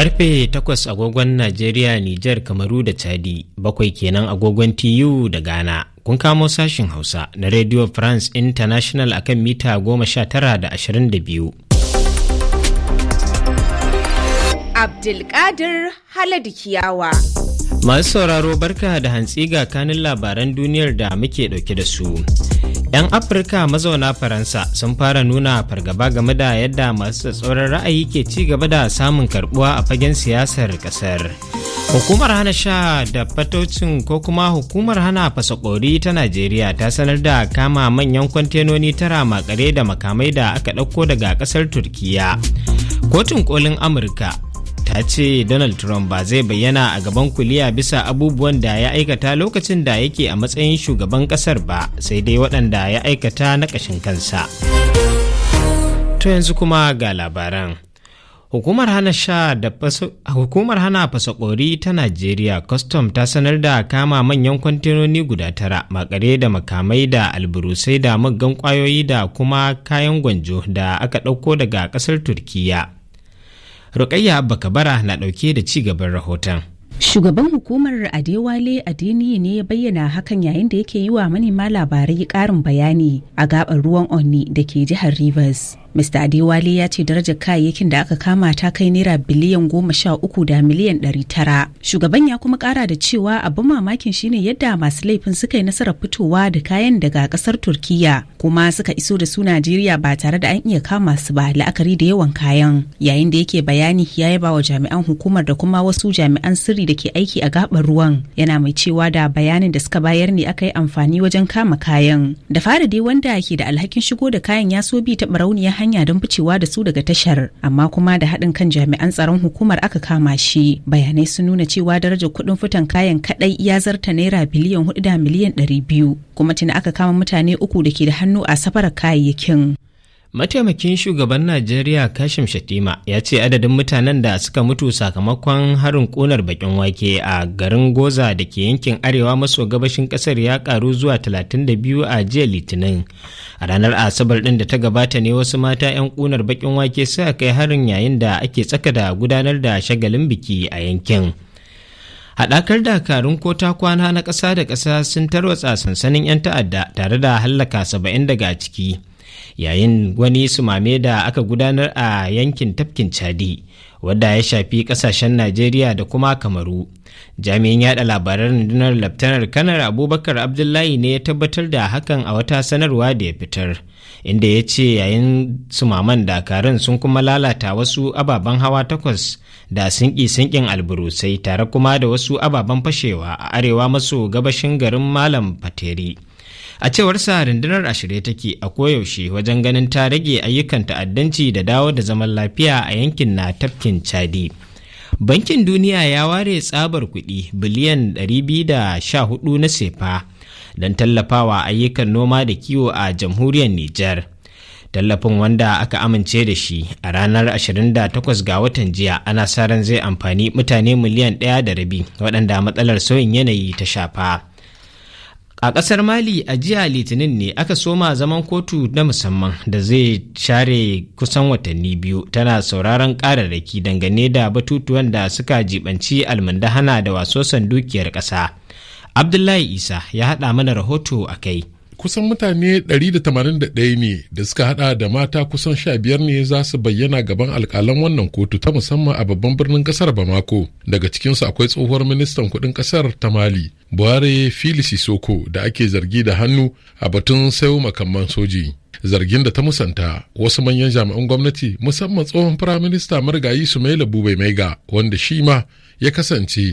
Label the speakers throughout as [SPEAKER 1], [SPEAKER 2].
[SPEAKER 1] Karfe takwas agogon Najeriya, Nijar, Kamaru da Chadi, bakwai kenan agogon TU da Ghana. Kun kamo sashin Hausa na Radio France International akan mita goma sha tara da ashirin da biyu.
[SPEAKER 2] Abdulkadir Haladu Kiyawa.
[SPEAKER 1] Masu sauraro barka da hantsi ga kanin labaran duniyar da muke dauke da su. 'Yan Afirka mazauna Faransa sun fara nuna fargaba game da yadda masu tsatsauran ra'ayi ke ci gaba da samun karbuwa a fagen siyasar kasar. Hukumar hana sha da fatocin ko kuma hukumar hana fasakori ta Najeriya ta sanar da kama manyan kwantenoni tara makare da makamai da aka ɗauko daga ƙasar Turkiya. Kotun kolin Amurka ta ce donald trump ba zai bayyana a gaban kuliya bisa abubuwan da ya aikata lokacin da yake a matsayin shugaban kasar ba sai dai waɗanda ya aikata na ƙashin kansa to yanzu kuma ga labaran hukumar hana fasakori ta najeriya custom ta sanar da kama manyan kwantenoni guda tara makare da makamai da alburusai da muggan kwayoyi da kuma kayan gwanjo da aka ɗauko daga ƙasar Turkiyya. Rukayya Bakabara na ɗauke da ci gaban rahoton.
[SPEAKER 2] Shugaban hukumar Adewale Adeniyi ne ya bayyana hakan yayin da yake yi wa manema labarai ƙarin bayani a gaɓar ruwan Onni da ke jihar Rivers. Mr. Adewale ya ce darajar kayayyakin da aka kama ta kai naira biliyan goma sha uku da miliyan ɗari tara. Shugaban ya kuma ƙara da cewa abin mamakin shine yadda masu laifin suka yi nasarar fitowa da kayan daga ƙasar Turkiya kuma suka iso da su Najeriya ba tare da an iya kama su ba la'akari da yawan kayan. Yayin da yake bayani ya yaba wa jami'an hukumar da kuma wasu jami'an sirri da ke aiki a gaɓar ruwan yana mai cewa da bayanin da suka bayar ne aka yi amfani wajen kama kayan. Da fara dai wanda ke da alhakin shigo da kayan ya so bi taɓa hanya don ficewa da su daga tashar amma kuma da haɗin kan jami'an tsaron hukumar aka kama shi bayanai sun nuna cewa darajar kuɗin fitan kayan kaɗai ya zarta naira biliyan hudu da miliyan ɗari biyu kuma tuni aka kama mutane uku da ke da hannu a safarar kayayyakin. Mataimakin
[SPEAKER 1] shugaban Najeriya Kashim Shatima ya ce adadin mutanen da suka mutu sakamakon harin ƙunar bakin wake a garin Goza da ke yankin arewa maso gabashin ƙasar ya ƙaru zuwa 32 a jiya Litinin. A ranar Asabar ɗin da ta gabata ne wasu mata 'yan ƙunar bakin wake suka kai harin yayin da ake tsaka da gudanar da shagalin biki a yankin. haɗakar dakarun ko ta kwana na ƙasa da ƙasa sun tarwatsa sansanin 'yan ta'adda tare da hallaka saba'in daga ciki yayin wani sumame da aka gudanar a yankin tafkin chadi wadda ya shafi kasashen najeriya da kuma kamaru jami'in yada labaran rundunar laftanar kanar abubakar abdullahi ne ya tabbatar da hakan a wata sanarwa da ya fitar inda ya ce yayin sumaman dakarun sun kuma lalata wasu ababen hawa takwas da sinki sinkin alburusai tare kuma da wasu ababen fashewa a arewa maso gabashin garin malam fateri a cewar sa rundunar a shirye take a koyaushe wajen ganin ta rage ayyukan ta'addanci da dawo da zaman lafiya a yankin na tafkin chadi bankin duniya ya ware tsabar kuɗi biliyan 214 na sefa don tallafawa ayyukan noma da kiwo a jamhuriyar Nijar. tallafin wanda aka amince da shi a ranar 28 ga watan jiya ana sa ran zai amfani mutane miliyan ɗaya da rabi waɗanda matsalar sauyin yanayi ta shafa A ƙasar Mali a jiya Litinin ne aka soma zaman kotu na musamman da zai share kusan watanni biyu tana sauraron ƙararraki dangane da batutuwan da suka jibanci almundahana da wasosan dukiyar ƙasa. Abdullahi Isa ya haɗa mana rahoto
[SPEAKER 3] a kai. kusan mutane 181 ne da suka hada da mata kusan 15 ne za su bayyana gaban alkalan wannan kotu ta musamman a babban birnin kasar Bamako. Daga cikinsu akwai tsohuwar ministan kudin kasar ta Mali, Buhari Filisi Soko da ake zargi da hannu a batun sayo makamman soji. zargin da ta musanta wasu manyan jami'an gwamnati musamman tsohon firaminista marigayi sumaila bubai maiga wanda shi ma ya kasance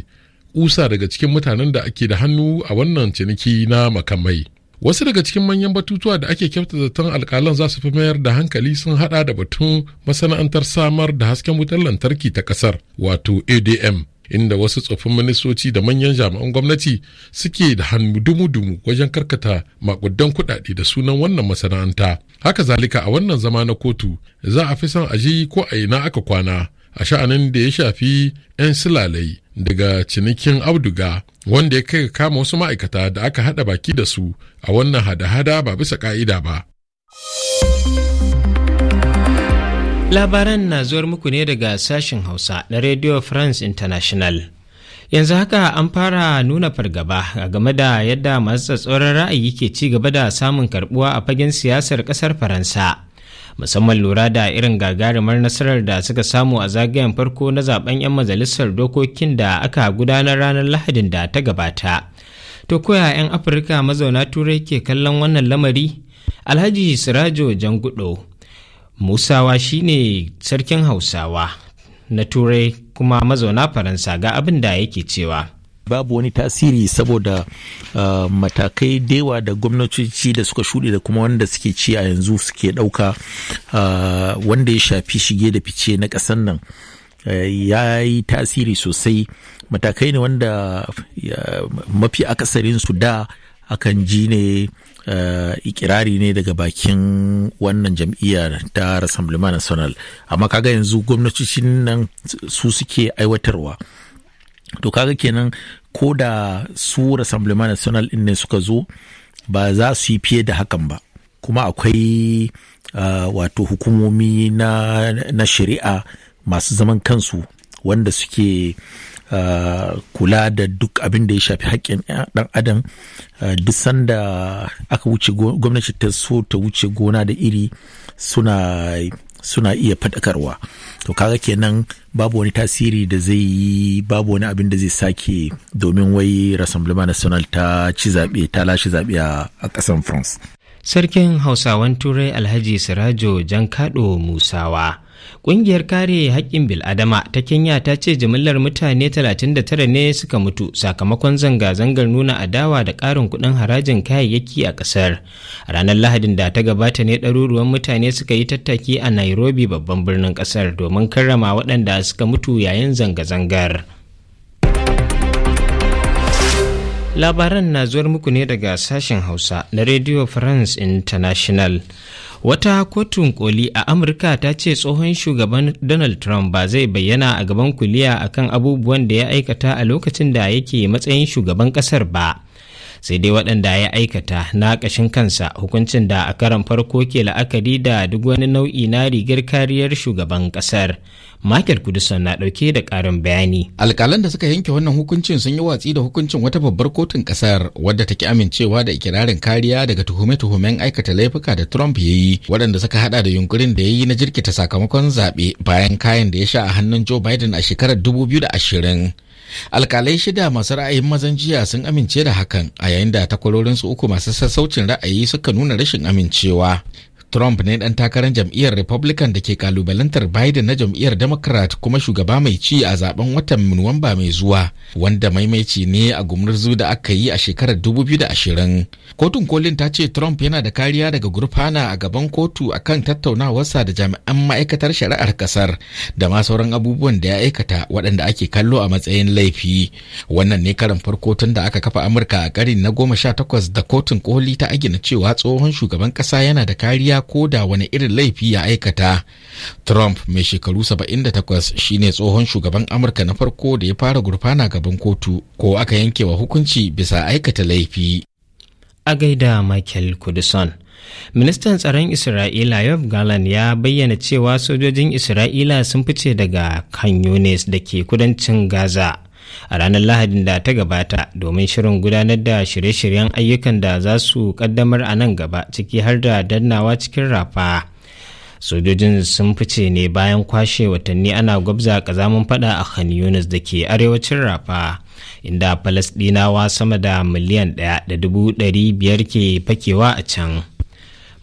[SPEAKER 3] kusa daga cikin mutanen da ake da hannu a wannan ciniki na makamai wasu daga cikin manyan batutuwa da ake kyauta zaton alkalan za su fi mayar da hankali sun hada da batun masana'antar samar da hasken wutar lantarki ta kasar wato adm inda wasu tsoffin ministoci da manyan jami'an gwamnati suke da hannu dumu-dumu wajen karkata makudan kuɗaɗe da sunan wannan masana'anta haka zalika a wannan zama na kotu za a fi son aji ko a ina aka kwana a sha'anin da ya shafi 'yan silalai daga cinikin auduga wanda ya kai kama wasu ma'aikata da aka hada baki da su a wannan hada-hada ba bisa ka'ida ba.
[SPEAKER 1] Labaran na zuwar muku ne daga sashen Hausa na Radio France International. Yanzu haka an fara nuna fargaba game da yadda masu tsatsauran ra'ayi ke ci gaba da samun karbuwa a fagen siyasar kasar Faransa. musamman lura da irin gagarumar nasarar da suka samu a zagayen farko na zaben 'yan majalisar dokokin da aka gudanar ranar lahadin da ta gabata to koya 'yan afirka mazauna turai ke kallon wannan lamari alhaji sirajo jangudo musawa shine sarkin hausawa na turai kuma mazauna faransa ga
[SPEAKER 4] abin da yake cewa babu wani tasiri saboda uh, matakai dewa da gwamnatoci da suka shuɗe da kuma wanda suke ci a yanzu suke ɗauka uh, wanda ya shafi shige da fice na ƙasar nan uh, ya yi tasiri sosai matakai ne wanda mafi su da akan ji ne Uh, ikirari ne daga bakin wannan jam'iyya ta Rassemblement National amma kaga yanzu gwamnatocin nan su suke aiwatarwa to kaga kenan ko da su rassemblement national din ne suka zo ba za su yi fiye da hakan ba kuma akwai uh, wato hukumomi na, na shari'a masu zaman kansu wanda suke uh, kula da duk abin da ya shafi haƙƙin ɗan adam uh, duk sanda aka wuce gwamnati ta so ta wuce gona da iri suna suna iya faɗakarwa to kaga kenan babu wani tasiri da zai yi babu wani abin da zai sake domin wai rassemblement national ta ci zaɓe ta lashe zaɓe a ƙasar france
[SPEAKER 1] sarkin hausawan turai alhaji sirajo jankaɗo musawa Ƙungiyar kare haƙƙin bil'adama ta Kenya ta ce jimillar mutane 39 ne suka mutu sakamakon zanga-zangar nuna adawa da ƙarin kuɗin harajin kayayyaki a ƙasar. ranar Lahadin da ta gabata ne ɗaruruwan mutane suka yi tattaki a Nairobi babban birnin ƙasar domin karrama waɗanda suka mutu yayin zanga-zangar. Labaran na zuwar muku ne daga sashen Hausa na Radio France International. Wata kotun koli a Amurka ta ce tsohon shugaban Donald Trump ba zai bayyana a gaban kuliya akan abubuwan da ya aikata a lokacin da yake matsayin shugaban ƙasar ba. sai dai waɗanda ya aikata na ƙashin kansa hukuncin da a karan farko ke la'akari da duk wani nau'i na rigar kariyar shugaban ƙasar Michael Kudusan na ɗauke da ƙarin bayani. Alƙalan da suka
[SPEAKER 5] yanke wannan hukuncin sun yi watsi da hukuncin wata babbar kotun ƙasar wadda take amincewa da ikirarin kariya daga tuhume-tuhumen aikata laifuka da Trump ya yi waɗanda suka haɗa da yunkurin da ya yi na jirkita sakamakon zaɓe bayan kayan da ya sha a hannun Joe Biden a shekarar 2020. alkalai shida masu ra'ayin mazan jiya sun amince da hakan a yayin da takwarorinsu uku masu sassaucin ra'ayi suka nuna rashin amincewa Trump ne ɗan takarar jam'iyyar Republican da ke kalubalantar Biden na jam'iyyar Democrat kuma shugaba mai ci a zaben watan Nuwamba mai zuwa wanda maimaici ne a gumurzu da aka yi a shekarar 2020. Kotun kolin ta ce Trump yana da kariya daga gurfana a gaban kotu a akan tattaunawarsa da jami'an ma'aikatar shari'ar kasar da ma sauran abubuwan da ya aikata waɗanda ake kallo a matsayin laifi. Wannan ne karan farko tun da aka kafa Amurka a ƙarin na goma sha takwas da kotun koli ta agina cewa tsohon shugaban ƙasa yana da kariya kariya ko da wani irin laifi ya aikata trump mai shekaru 78 shine tsohon shugaban amurka na farko da ya fara gurfana
[SPEAKER 1] gaban kotu ko aka yankewa hukunci bisa aikata laifi a gaida michael kudison Ministan tsaron Isra'ila Yov Galan ya bayyana cewa sojojin Isra'ila sun fice daga Kanyones da ke kudancin Gaza a ranar lahadin da ta gabata domin shirin gudanar da shirye-shiryen ayyukan da za su kaddamar a nan gaba ciki har da dannawa cikin rafa sojojin sun fice ne bayan kwashe watanni ana gwabza kazamin fada a khan Yunus da ke arewacin rafa inda falasdinawa sama da miliyan ɗaya da dubu ɗari biyar ke fakewa a can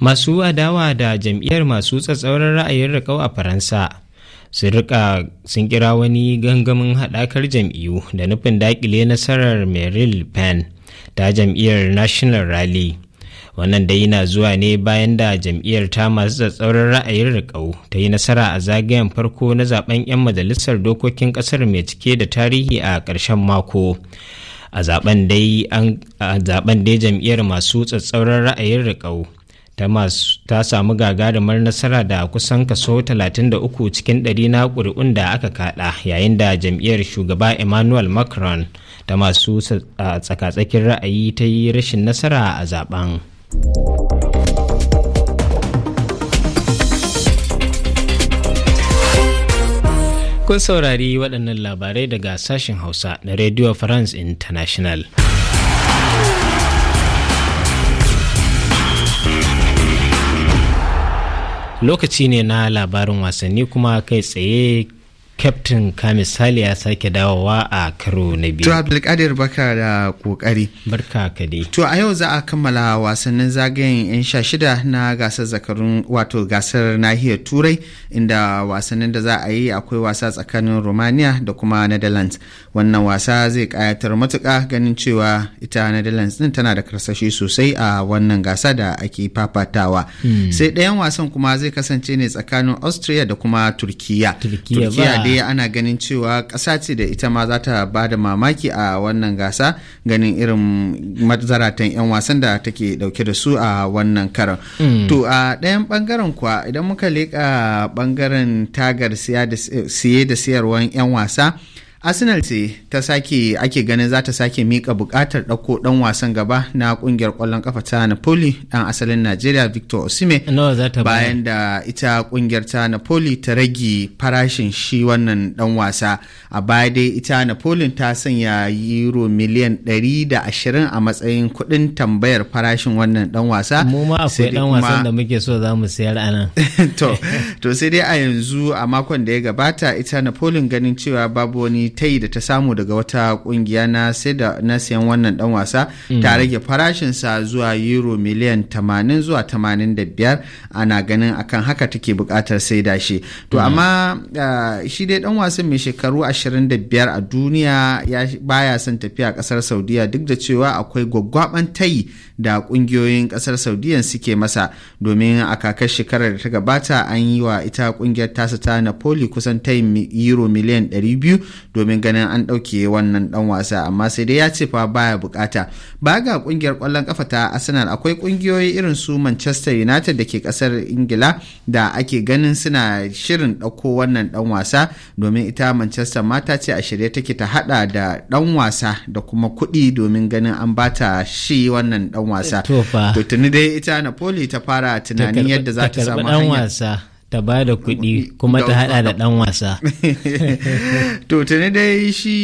[SPEAKER 1] masu adawa da jam'iyyar masu tsatsauran ra'ayin rakau a faransa sun rika sun kira wani gangamin haɗakar jam'iyyu da nufin dakile nasarar merrill pen ta jam'iyyar national rally wannan dai na zuwa ne bayan da jam'iyyar ta masu tsatsauran ra'ayin riƙau ta yi nasara a zagayen farko na zaben 'yan majalisar dokokin ƙasar mai cike da tarihi a ƙarshen mako a zaben dai jam'iyyar masu tsatsauran ra'ayin riƙau ta samu gagarumar nasara da kusan kaso 33 cikin ɗari na ƙuri'un da aka kaɗa yayin da jam'iyyar shugaba emmanuel macron ta masu tsakatsakin ra'ayi ta yi rashin nasara a zaben kun saurari waɗannan labarai daga sashen hausa na radio france international lokaci ne na labarin wasanni kuma kai tsaye captain kamisali ya sake dawowa a karo
[SPEAKER 2] na biyu Tuwa
[SPEAKER 6] abdulkadir baka da kokari barka ka dai to a yau za a kammala wasannin zagayen yan sha shida na gasar zakarun wato gasar nahiyar turai inda wasannin da za a yi akwai wasa tsakanin romania da kuma netherlands wannan wasa zai kayatar matuka ganin cewa ita netherlands din tana da karsashi sosai a wannan gasa da ake fafatawa hmm. sai ɗayan wasan kuma zai kasance ne tsakanin austria da kuma turkiya turkiya dai ana ganin cewa ƙasa ce da ita ma za ta ba da mamaki a wannan gasa ganin irin mazaratan 'yan wasan da take dauke da su a wannan karan. Mm. To a ɗayan ɓangaren kuwa idan muka leƙa ɓangaren tagar siye da siyarwan 'yan wasa. arsenal ce ta sake ake ganin za ta sake mika bukatar ɗauko ɗan wasan gaba na ƙungiyar ƙwallon kafa ta napoli ɗan asalin najeriya victor osime bayan da ita kungiyar ta napoli ta rage farashin shi wannan ɗan wasa a baya dai ita napoli ta sanya euro miliyan 120 a matsayin kuɗin tambayar farashin wannan ɗan wasa mu ma akwai to sai dai a yanzu a makon da ya gabata ita napoli ganin cewa babu wani ta da ta samu daga wata kungiya na siyan wannan dan wasa mm. ta rage farashinsa zuwa euro miliyan 80 zuwa 85 ana ganin akan haka take bukatar da shi to mm. amma ah, shi dai dan wasan mai shekaru 25 a duniya baya son tafiya kasar saudiya duk da cewa akwai gwaggwaban tai. da kungiyoyin kasar saudiyan suke masa domin a kakar shekarar da ta gabata an yi wa ita kungiyar tasa ta napoli kusan ta euro miliyan 200 domin ganin an ɗauke wannan dan wasa amma sai dai ya ce fa baya bukata ba ga kungiyar kwallon kafa ta arsenal akwai kungiyoyi irin su manchester united da ke kasar ingila da ake ganin suna shirin ɗauko wannan dan wasa domin ita manchester mata ce a shirye take ta hada da dan wasa da kuma kuɗi domin ganin an bata shi wannan dan wasa to tuni dai ita napoli ta fara tunanin yadda za ta samu hanya
[SPEAKER 1] ta ba da kuɗi kuma ta hada da ɗan wasa.
[SPEAKER 6] to tuni dai shi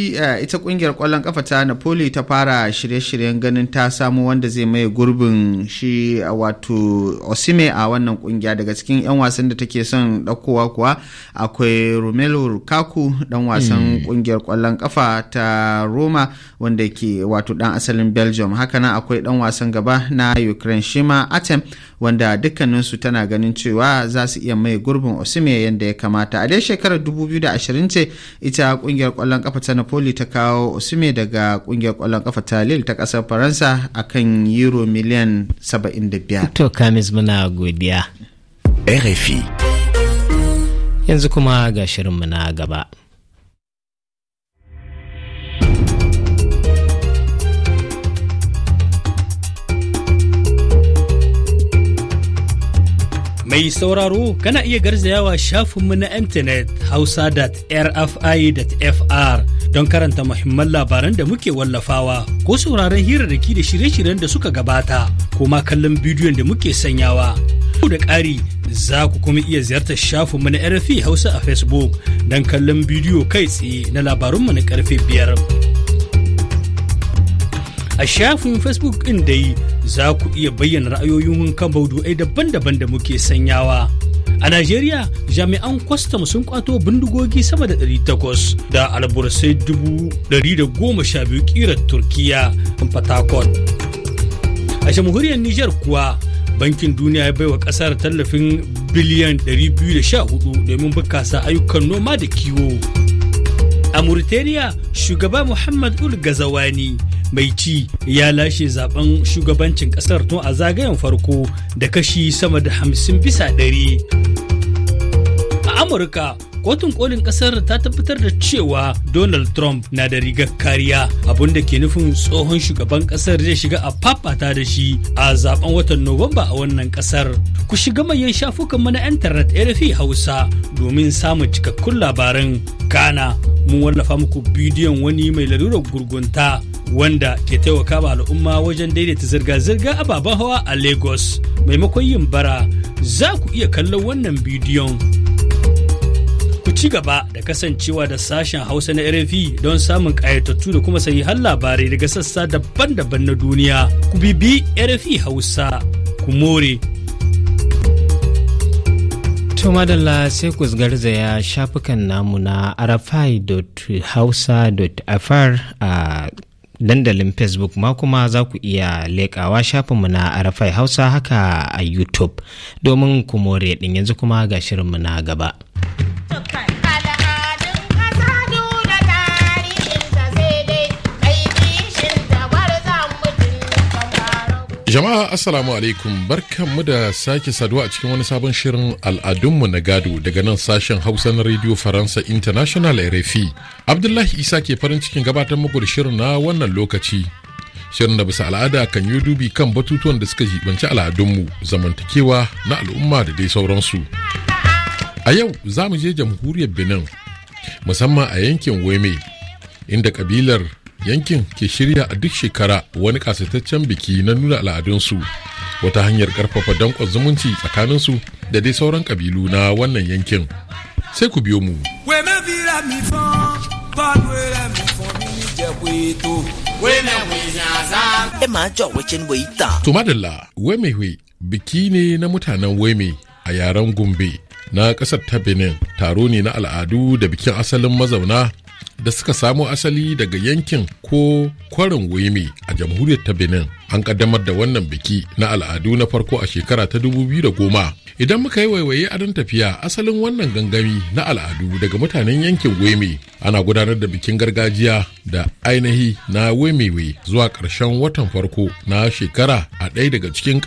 [SPEAKER 6] ita ƙungiyar ƙwallon ƙafa ta napoli ta fara shirye-shiryen ganin ta samu wanda zai maye gurbin shi a wato osime a wannan ƙungiya daga cikin 'yan wasan da take son ɗaukowa kuwa akwai romelu lukaku ɗan wasan hmm. ƙungiyar ƙwallon ƙafa ta roma wanda ke wato ɗan asalin belgium hakanan akwai ɗan wasan gaba na ukraine shima atem wanda dukkaninsu tana ganin cewa za su iya mai gurbin Osimhen yadda ya kamata. A dai shekarar 2020 ce ita kungiyar kwallon kafa ta Napoli ta kawo Osimhen daga kungiyar kwallon kafa ta Lille ta kasar Faransa akan euro miliyan 75.
[SPEAKER 1] To Kamis muna godiya. RFI. Yanzu kuma ga shirinmu na gaba.
[SPEAKER 7] Mai sauraro kana iya garzayawa shafinmu na intanet hausa.rfi.fr don karanta muhimman labaran da muke wallafawa ko sauraron hirarraki da shirye-shiryen da suka gabata ko ma kallon bidiyon da muke sanyawa. da ƙari za ku kuma iya ziyartar shafinmu na RFI Hausa a Facebook don kallon bidiyo kai tsaye na labarunmu na karfe biyar. A shafin Facebook ɗin dai za ku iya bayyana ra'ayoyin kan maudu'ai daban-daban da muke sanyawa. A Najeriya, jami'an kwastam sun kwato bindigogi sama da 800 da albursai 112 kirar Turkiya Fatakon. A jamhuriyar Nijar kuwa, Bankin Duniya ya baiwa kasar tallafin biliyan 214 domin bukasa ayyukan noma da kiwo. A Mauritania, shugaba Muhammad Ul Gazawani mai ci ya lashe zaben shugabancin kasar tun a zagayen farko da kashi sama da hamsin bisa ɗari. A Amurka, kotun kolin kasar ta tabbatar da cewa Donald Trump na da rigar kariya da ke nufin tsohon shugaban kasar zai shiga a fafata da shi a zaben watan Nuwamba a wannan kasar. Ku shiga manyan shafukanmu na intanet RFI Hausa domin samun cikakkun labarin. Ghana. Mun wallafa muku bidiyon wani mai lalurar gurgunta wanda ke taimaka wa al'umma wajen daidaita zirga-zirga a baban hawa a Lagos maimakon yin bara za ku iya kallo wannan bidiyon. Ku ci gaba da kasancewa da sashen Hausa na RFI don samun ƙayatattu da kuma sahihan labarai daga sassa daban-daban na duniya. Ku bibi RFI Hausa, ku more. To sai
[SPEAKER 1] ku garzaya shafukan namu na arafai.hausa.afar a dandalin facebook ma kuma za ku iya leƙawa shafinmu na arafai hausa haka a youtube domin kumore ɗin yanzu kuma ga shirinmu na gaba.
[SPEAKER 3] Jama'a Assalamu alaikum barkanmu da sake saduwa a cikin wani sabon shirin al'adunmu na gado daga nan sashen Hausa na Radio Faransa International RFI. Abdullahi Isa ke farin cikin gabatar muku da shirin na wannan lokaci. Shirin da bisa al'ada kan yi dubi kan batutuwan da suka jibanci al'adunmu zamantakewa na al'umma da dai sauransu. A yau za mu je jamhuriyar Benin musamman a yankin Weme inda kabilar yankin ke shirya a duk shekara wani kasataccen biki na nuna al'adunsu wata hanyar karfafa danƙon zumunci tsakaninsu da dai sauran kabilu na wannan yankin sai ku biyo mu tumadalla e wemehwe biki ne na mutanen weme a yaren gombe na ƙasar ta benin taro ne na al'adu da bikin asalin mazauna da suka samo asali daga yankin ko kwarin weme a jamhuriyar ta benin an kaddamar da wannan biki na al'adu na farko a shekara ta dubu biyu da goma idan muka yi waiwaye adon tafiya asalin wannan gangami na al'adu daga mutanen yankin weme ana gudanar da bikin gargajiya da ainihi na wemewe zuwa ƙarshen watan farko na shekara a ɗaya daga cikin